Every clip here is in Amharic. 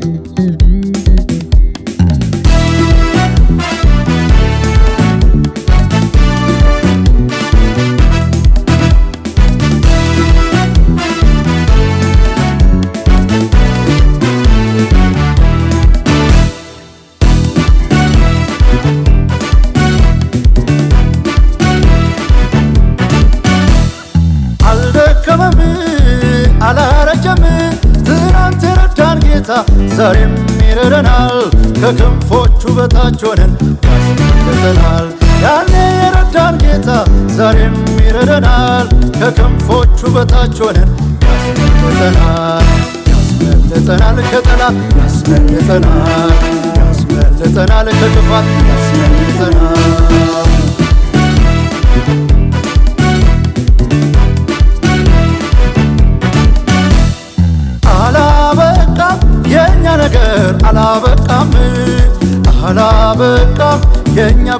Mm-hmm. ዛሬም ይረዳናል። ከክንፎቹ በታች ሆነን ያስመልጠናል። ያኔ የረዳን ጌታ ዛሬም ይረዳናል። ከክንፎቹ በታች ሆነን ያስመልጠናል። ያስመልጠናል ከጠላት ያስመልጠናል። ያስመልጠናል ከክፋት ያስመልጠናል።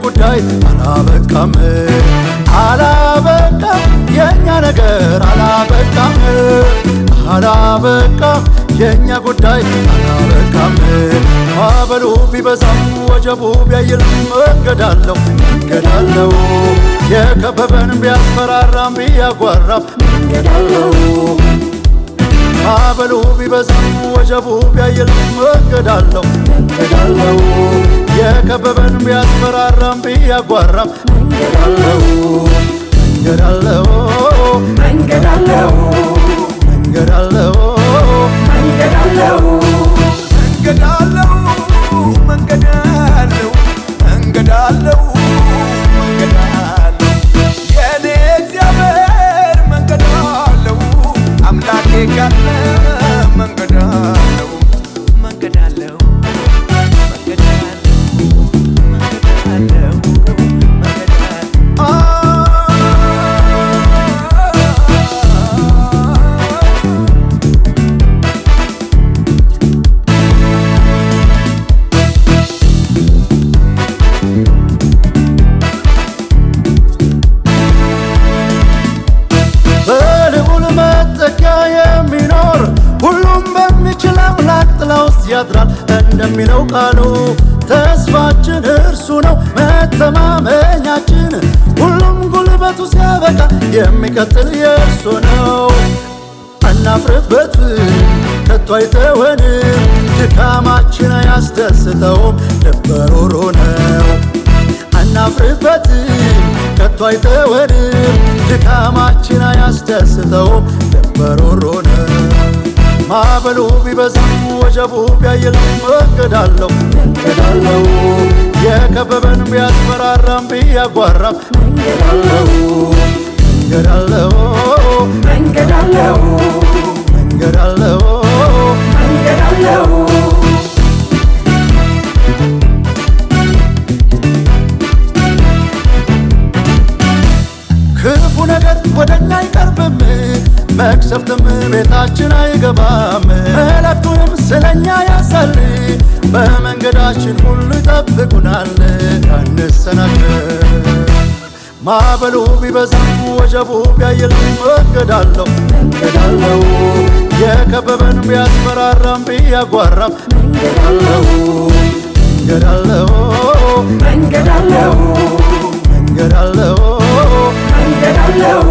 ጉዳይ አላበቃም አላበቃ የእኛ ነገር አላበቃም አላበቃ የእኛ ጉዳይ አላበቃም አበሉ ቢበዛም ወጀቡ ቢያይልም መንገድ አለው የከበበን ቢያስፈራራም ቢያጓራም መንገድ ማዕበሉ ቢበዛም ወጀቡ ቢያየል መንገዳለው መንገዳለው የከበበን ቢያስፈራራም ቢያጓራም መንገዳለው መንገዳለው መንገዳለው መንገዳለው መንገዳለው መንገዳለው እናገዳለሁ የሚችል አምላክ ጥላ ውስጥ ያድራል እንደሚለው ቃሉ ተስፋችን እርሱ ነው መተማመኛችን። ሁሉም ጉልበቱ ሲያበቃ የሚቀጥል የእርሱ ነው። አናፍርበት፣ ከቶ አይተወንም። ድካማችን አያስደስተውም፣ ደበሮሮ ነው። አናፍርበት፣ ከቶ አይተወንም። ድካማችን አያስደስተውም፣ ደበሮሮ ነው። ማዕበሉ ቢበዛ ወጀቡ ቢያየለው መንገዳለው መንገዳለው የከበበን ቢያስፈራራም ቢያጓራም መንገዳለው መንገዳለው መንገዳለው ጭንቀት ወደኛ አይቀርብም፣ መቅሰፍትም ቤታችን አይገባም። መላእክቱም ስለኛ ያሳል፣ በመንገዳችን ሁሉ ይጠብቁናል። ያነሰናል ማዕበሉ ቢበዛ ወጀቡ ቢያየል መንገዳለው መንገዳለው የከበበን ቢያስፈራራም ቢያጓራም መንገዳለው መንገዳለው መንገዳለው መንገዳለው አለው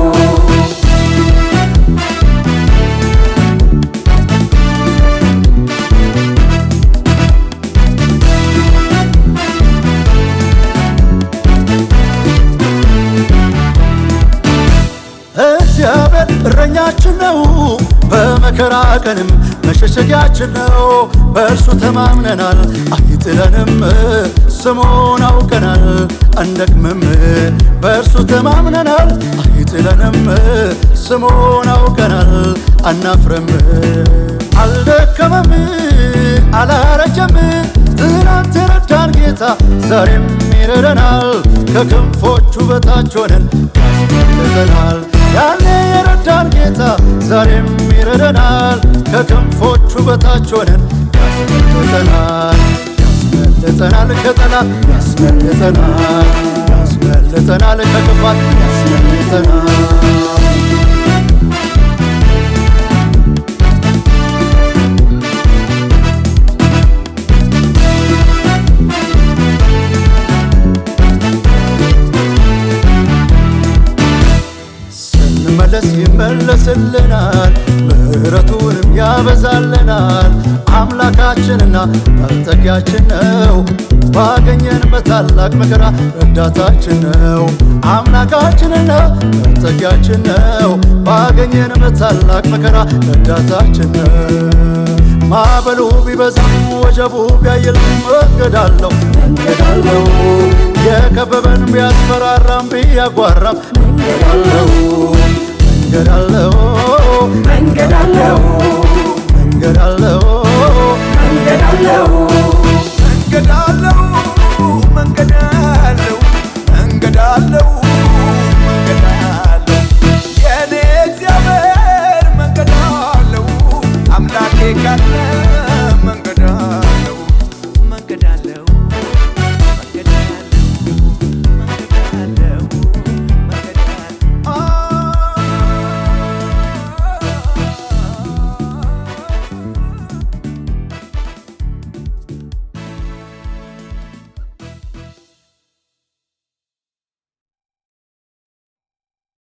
እግዚአብሔር እረኛችን ነው በመከራ ቀንም መሸሸጊያችን ነው፣ በእርሱ ተማምነናል። አይጥለንም፣ ስሙን አውቀናል። አንደክምም፣ በእርሱ ተማምነናል። አይጥለንም፣ ስሙን አውቀናል። አናፍርም፣ አልደከመም፣ አላረጀም። ትናንት ረዳን ጌታ ዛሬም ይረደናል ከክንፎቹ በታች ሆነን ያስመለጠናል ያኔ ይረዳን ጌታ ዛሬም ይረዳናል። ከክንፎቹ በታች ሆነን ያስመልጠናል ያስመልጠናል ከጠላት ያስመልጠናል ያስመልጠናል ከክፋት ያስመልጠናል ያደርግልናል ምሕረቱንም ያበዛልናል አምላካችንና መጠጊያችን ነው። ባገኘን በታላቅ መከራ ረዳታችን ነው። አምላካችንና መጠጊያችን ነው። ባገኘን በታላቅ መከራ ረዳታችን ነው። ማዕበሉ ቢበዛ ወጀቡ ቢያይል እገዳለሁ እገዳለሁ የከበበን ቢያስፈራራም ቢያጓራም እገዳለሁ መንገድ አለው መንገድ አለው መንገድ አለው መንገድ አለው